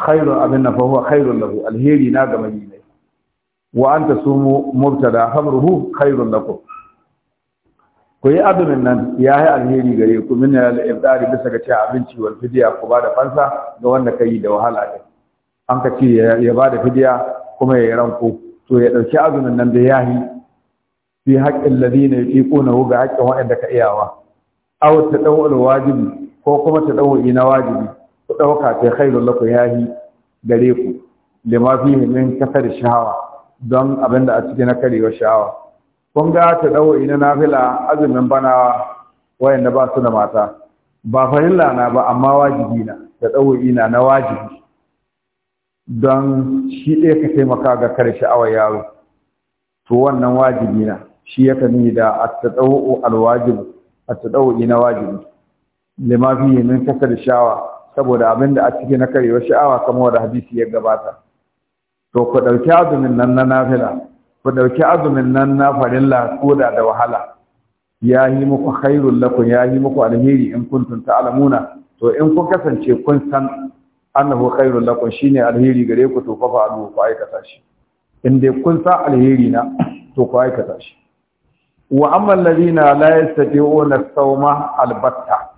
khairu abin fa huwa khairul lahu alheri na ga ne wa anta sumu mubtada hamruhu khairul lakum ku yi azumin nan ya yi alheri gare ku min al-ibdari bisa ga cewa abinci wal fidiya ku ba da fansa ga wanda kai da wahala ne an ka ce ya ba da fidiya kuma ya yi ranko to ya ɗauki azumin nan da yahi fi haqqil ladina yuqiquna ga haqqin wa'anda ka iyawa aw tadawul wajibi ko kuma ta tadawuli na wajibi ku ɗauka ta khairul lakum yahi gare ku ma fi min kasar shahawa don abinda a cikin na karewa shahawa kun ga ta tadawuli na nafila azumin bana wayanda ba su da mata ba fahimla na ba amma wajibi na ɗauki na na wajibi don shi ɗaya ka taimaka ga kare sha'awar yaro to wannan wajibi na shi ya kami da at-tadawwu na wajibi lima fi min kasar sha'awa saboda abin da a ciki na karewa sha'awa kamar da hadisi ya gabata to ku ɗauki azumin nan na nafila ku ɗauki azumin nan na farilla ko da da wahala ya yi muku hairun lakun ya yi muku alheri in kuntum ta'lamuna to in kun kasance kun san annahu khairul lakum shine alheri gare ku to kafa alu ku aikata shi in kun sa alheri na to ku aikata shi wa amma alladhina la yastati'una sawma albatta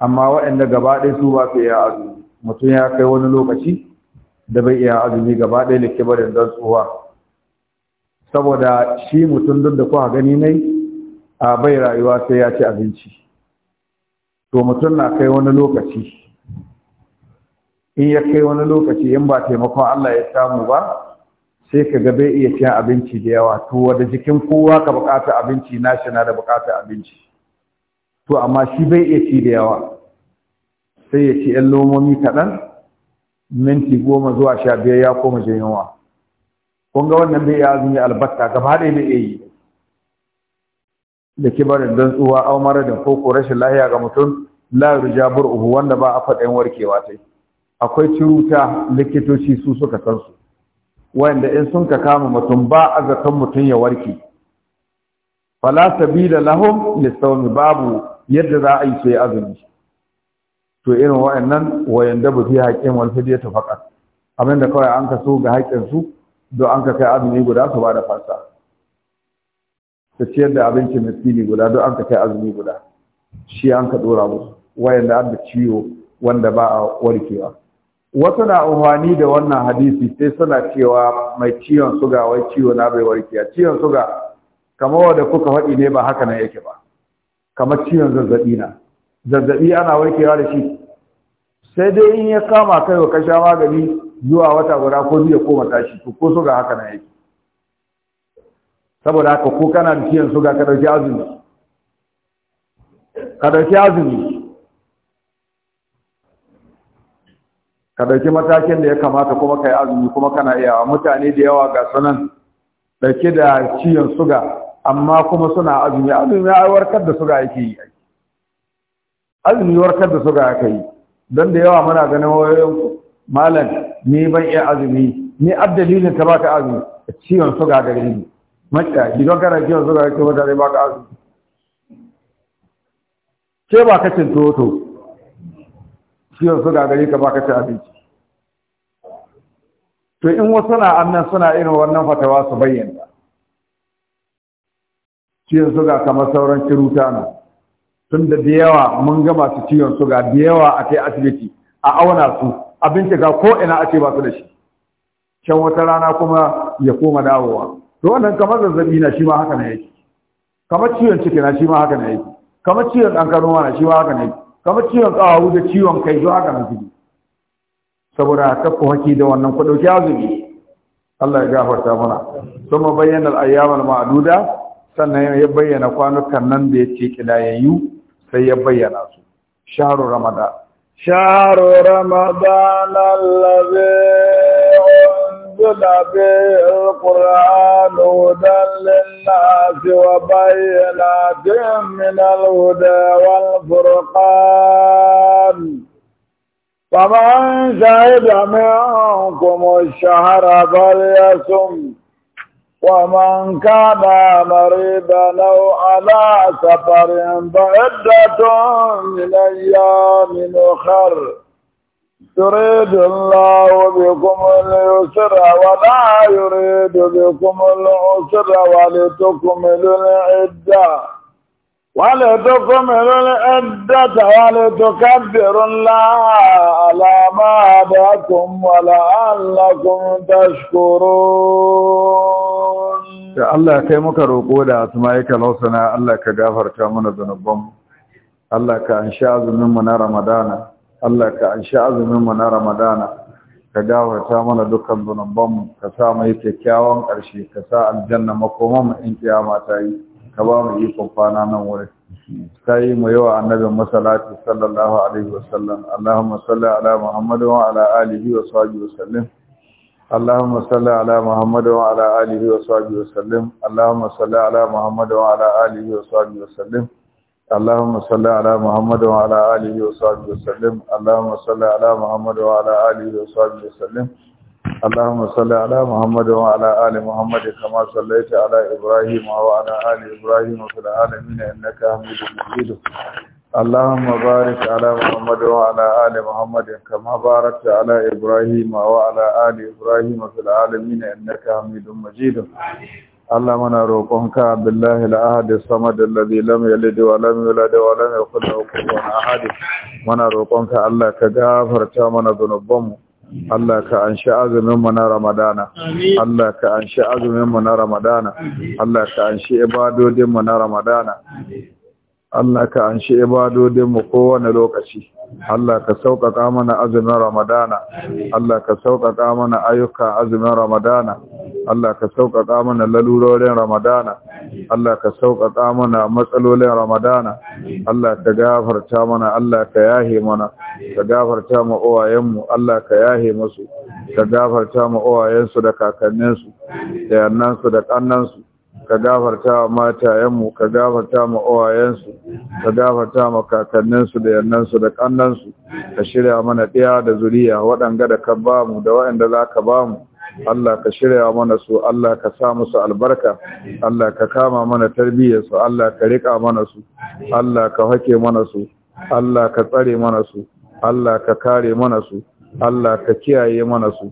amma waɗanda gaba ɗaya su ba su iya azumi mutum ya kai wani lokaci da bai iya azumi gaba ɗaya da kibarin don tsuwa saboda shi mutum duk da kuka gani nai a bai rayuwa sai ya ci abinci to mutum na kai wani lokaci in ya kai wani lokaci in ba taimakon Allah ya samu ba sai ka ga bai iya cin abinci da yawa to wanda jikin kowa ka bukata abinci na shi na da bukata abinci to amma shi bai iya ci da yawa sai ya ci yan lomomi kaɗan minti goma zuwa sha biyar ya koma jin kun ga wannan bai iya azumi albarka gaba ɗaya bai iya yi da kibarin don tsuwa au da Koko, rashin lahiya ga mutum la yurja bur'uhu wanda ba a faɗin warkewa sai akwai ciruta likitoci su suka san su wanda in sun ka kama mutum ba zaton mutum ya warke fala sabila lahum lisawmi babu yadda za a yi sai azumi to irin wa'annan wayanda bu fi haƙin wal fidyatu faqat da kawai an ka so ga haƙin su don an ka kai azumi guda su ba da fasa ta ciyar da abinci miskini guda don an ka kai azumi guda shi an ka dora musu wayanda da ciwo wanda ba a warkewa wasu na umarni da wannan hadisi sai suna cewa mai ciwon suga wai ciwo na bai a ciwon suga kamar wanda kuka faɗi ne ba haka nan yake ba kamar ciwon zazzabi na zazzabi ana warkewa da shi sai dai in ya kama kai wa kasha magani zuwa wata guda ko biyu ko shi to ko suga haka nan yake saboda haka ko kana da ciwon suga ka dauki azumi ka dauki azumi ka ɗauki matakin da ya kamata kuma ka yi azumi kuma kana iya mutane da yawa ga sunan ɗauke da ciyon suga amma kuma suna azumi azumi ya warkar da suga yake yi azumi warkar da suga ya yi don da yawa muna ganin wayoyin malam ni ban iya azumi ni abdalilin ta baka azumi ciyon suga da gari mata gidan kana ciyon suga yake mutane baka azumi ke ba kacin toto ciwon suga gare ka baka ci abinci to in wasu na annan suna irin wannan fatawa su bayyana ciwon suga kamar sauran ciruta na tun da da yawa mun ga masu ciwon suga da yawa a kai asibiti a auna su abinci ga ko ina a ce ba su da shi can wata rana kuma ya koma dawowa to wannan kamar zazzabi na shi ma haka na yake kamar ciwon ciki na shi ma haka na yake kamar ciwon ɗan na shi ma haka na yake kamar ciwon kawawu da ciwon kai zuwa ga azumi saboda kafa kuhaki da wannan kudu ya azumi Allah ya gafarta mana ma bayyana al'ayyamar ma'aduda sannan ya bayyana kwanukan nan da ya yace kidayayyu sai ya bayyana su shahru ramadan shahru ramadan lallabe أنزل به القرآن هدى للناس وبينات من الهدى والفرقان فمن شهد منكم الشهر فليصم ومن كان مريضا او على سفر فعدة من أيام أخر يريد الله بكم اليسر ولا يريد بكم العسر ولتكملوا العدة ولتكملوا العدة ولتكبروا الله على ما هداكم ولعلكم تشكرون يا الله كي مكروكو دا أسمائك الحسنى الله كغفرت من ذنوبهم الله كأنشاء ذنوبنا رمضانا Allah ka anshi azuminmu na Ramadana ka gafarta mana dukkan zunubanmu ka sa mu yi kyakkyawan ƙarshe ka sa aljanna makoman mu in kiyama ta yi ka ba mu yi kwana nan wurin yi mu yawa wa annabin masalati sallallahu alaihi wa wasallam Allahumma salli ala Muhammad wa ala alihi wa sahbihi wa sallim Allahumma salli ala Muhammad wa ala alihi wa sahbihi wa sallim Allahumma salli ala Muhammad wa ala alihi wa sahbihi wa sallim اللهم صل على محمد وعلى آله وصحبه وسلم اللهم صل على محمد وعلى آله وصحبه وسلم اللهم صل على محمد وعلى آل محمد كما صليت على إبراهيم وعلى آل إبراهيم في العالمين إنك حميد مجيد اللهم بارك على محمد وعلى آل محمد كما باركت على إبراهيم وعلى آل إبراهيم في العالمين إنك حميد مجيد آمين Allah mana roƙonka billahi al-ahad as-samad alladhi lam yalid wa lam yulad wa lam yakul lahu kufuwan ahad muna roƙonka Allah ka gafarta mana zunubanmu Allah ka anshi azumin mu na Ramadana Allah ka anshi azumin mu na Ramadana Allah ka anshi ibadodin mu na Ramadana Allah ka anshi ibadodin mu kowane lokaci Allah ka sauƙaƙa mana azumin Ramadana Allah ka sauƙaƙa mana ayyuka azumin Ramadana Allah ka sauƙaƙa mana lalurorin Ramadana Allah ka sauƙaƙa mana matsalolin Ramadana Allah ka gafarta mana Allah ka yahe mana ka gafarta ma uwayenmu Allah ka yahe masu. ka gafarta ma uwayensu da kakanninsu da yannansu da ƙannansu. ka gafarta wa matayenmu ka gafarta ma uwayensu ka gafarta ma kakanninsu da yannansu da ƙannansu. ka shirya mana ɗiya da zuriya waɗanga da ka bamu da waɗanda za ka bamu Allah ka shirya mana su Allah ka sa musu albarka Allah ka kama mana tarbiyyar su Allah ka rika mana su Allah ka hake mana su Allah ka tsare mana su Allah ka kare mana su Allah ka kiyaye mana su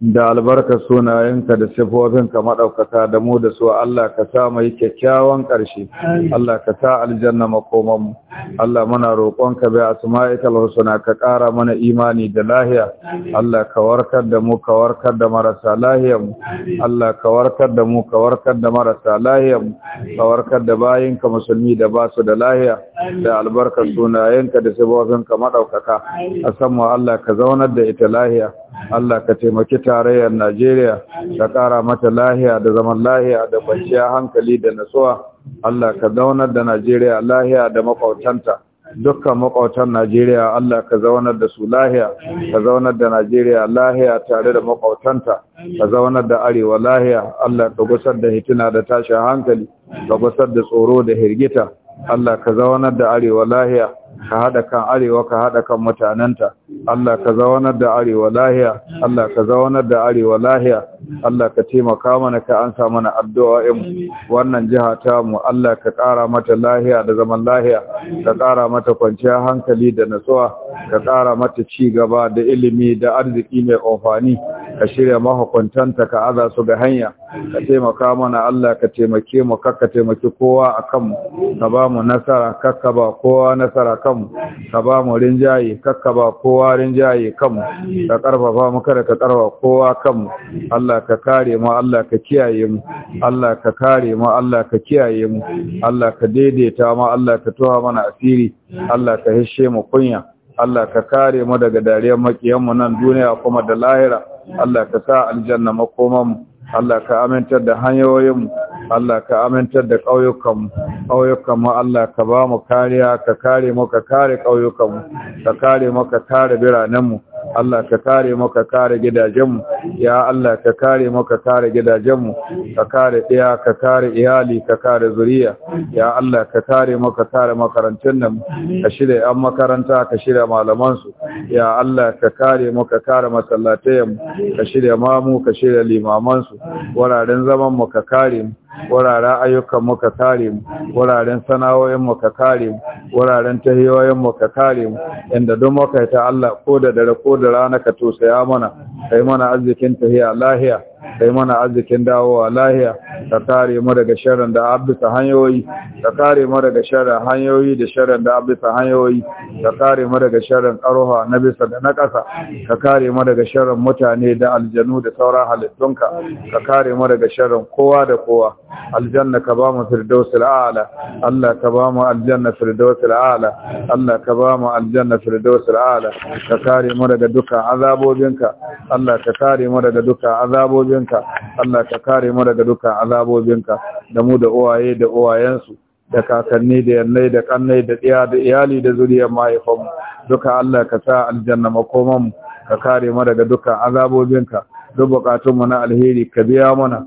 da albarka sunayenka da sifofinka maɗaukaka da mu da su Allah ka sa mai kyakkyawan ƙarshe Allah ka sa aljanna makomanmu Allah muna roƙonka bai asma'ikal husna ka ƙara mana imani da lahiya Allah ka warkar da mu ka warkar da marasa lahiyar mu Allah ka warkar da mu ka warkar da marasa lahiyar mu ka warkar da bayinka musulmi da ba su da lahiya da albarka sunayenka da sifofinka maɗaukaka a sama Allah ka zaunar da ita lahiya Allah ka taimaki tarayyar Najeriya ka ƙara mata lahiya da zaman lahiya da kwanciya hankali da nasuwa Allah ka zaunar da Najeriya lahiya da makwautanta dukkan makwautan Najeriya Allah ka zaunar da su lahiya ka zaunar da Najeriya lahiya tare da makwautanta ka zaunar da arewa lahiya Allah ka gusar da hituna da tashin hankali ka gusar da tsoro da hirgita Allah ka zaunar da arewa lahiya ka haɗa kan arewa ka haɗa kan mutanenta. Allah ka zawanar da arewa lahiya Allah ka zawanar da arewa lahiya Allah ka taimaka mana ka ansa mana addu'o'in wannan jiha ta mu Allah ka ƙara mata lahiya da zaman lahiya ka ƙara mata kwanciyar hankali da nutsuwa. ka ƙara mata ci gaba da ilimi da arziki mai amfani ka shirya mahukuntanta ka aza su ga hanya ka taimaka mana Allah ka taimake mu kakka taimaki kowa akan mu ka ba mu nasara kakka ba kowa nasara kanmu ka ba mu rinjaye kakka ba kowa rinjaye kanmu ka karfafa mu kada ka karfa kowa kanmu Allah ka kare mu Allah ka kiyaye mu Allah ka kare mu Allah ka kiyaye mu Allah ka daidaita mu Allah ka tuha mana asiri Allah ka hishe mu kunya Allah ka kare mu daga dariyar makiyan mu nan duniya kuma da lahira Allah ka sa aljanna makoman mu Allah ka amintar da hanyoyin Allah ka amintar da ƙauyukan ƙauyukan mu Allah ka ba mu kariya ka kare mu ka kare ƙauyukan mu ka kare mu ka kare biranen mu Allah ka kare mu ka kare gidajen mu ya Allah ka kare mu ka kare gidajen mu ka kare iya, ka kare iyali ka kare zuriya ya Allah ka kare mu ka kare makarantun nan ka shirya an makaranta ka shirya malaman su ya Allah ka kare mu ka kare masallatayen mu ka shirya mamu ka shirya limaman su wuraren zaman mu ka kare mu wuraren ayyukan mu ka kare mu wuraren sana'o'in mu ka kare mu wuraren tahiyoyin mu ka kare mu inda duk muka ta Allah ko da dare ko da rana ka tosaya mana kai mana arzikin tahiya lahiya kai mana arzikin dawowa lahiya ka kare mu daga sharrin da abisa hanyoyi ka kare mu daga sharrin hanyoyi da sharrin da abisa hanyoyi ka kare mu daga sharrin karuha na bisa da na ƙasa ka kare mu daga sharrin mutane da aljanu da sauran halittunka ka kare mu daga sharrin kowa da kowa aljanna ka ba mu firdausul a'la Allah ka ba mu aljanna firdausul a'la Allah ka ba mu aljanna firdausul a'la ka kare mu daga dukkan azabobinka Allah ka kare mu daga dukkan azabobinka Allah ka kare mu daga dukkan azabobinka da mu da uwaye da uwayensu da kakanni da yannai da kannai da ɗiya da iyali da zuriyar mahaifanmu duka Allah ka sa aljanna makomanmu ka kare mu daga dukkan azabobinka duk bukatunmu na alheri ka biya mana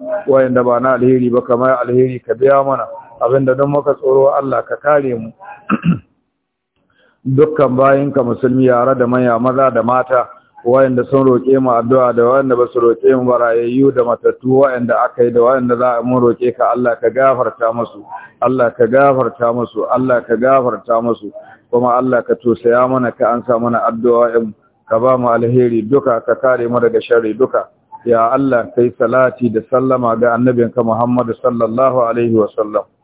da ba na alheri ba kamar alheri ka biya mana abinda don muka tsoro Allah ka kare mu dukkan bayinka musulmi yara da manya maza da mata wayanda sun roƙe mu addu'a da wayanda ba su roƙe mu barayayyu da matattu wayanda aka yi da wayanda za a mun roƙe ka Allah ka gafarta musu Allah ka gafarta musu Allah ka gafarta musu kuma Allah ka tosaya mana ka ansa mana addu'o'in ka ba mu alheri duka ka kare mu daga sharri duka ya Allah kai salati da sallama ga annabinka Muhammad sallallahu alaihi wa sallam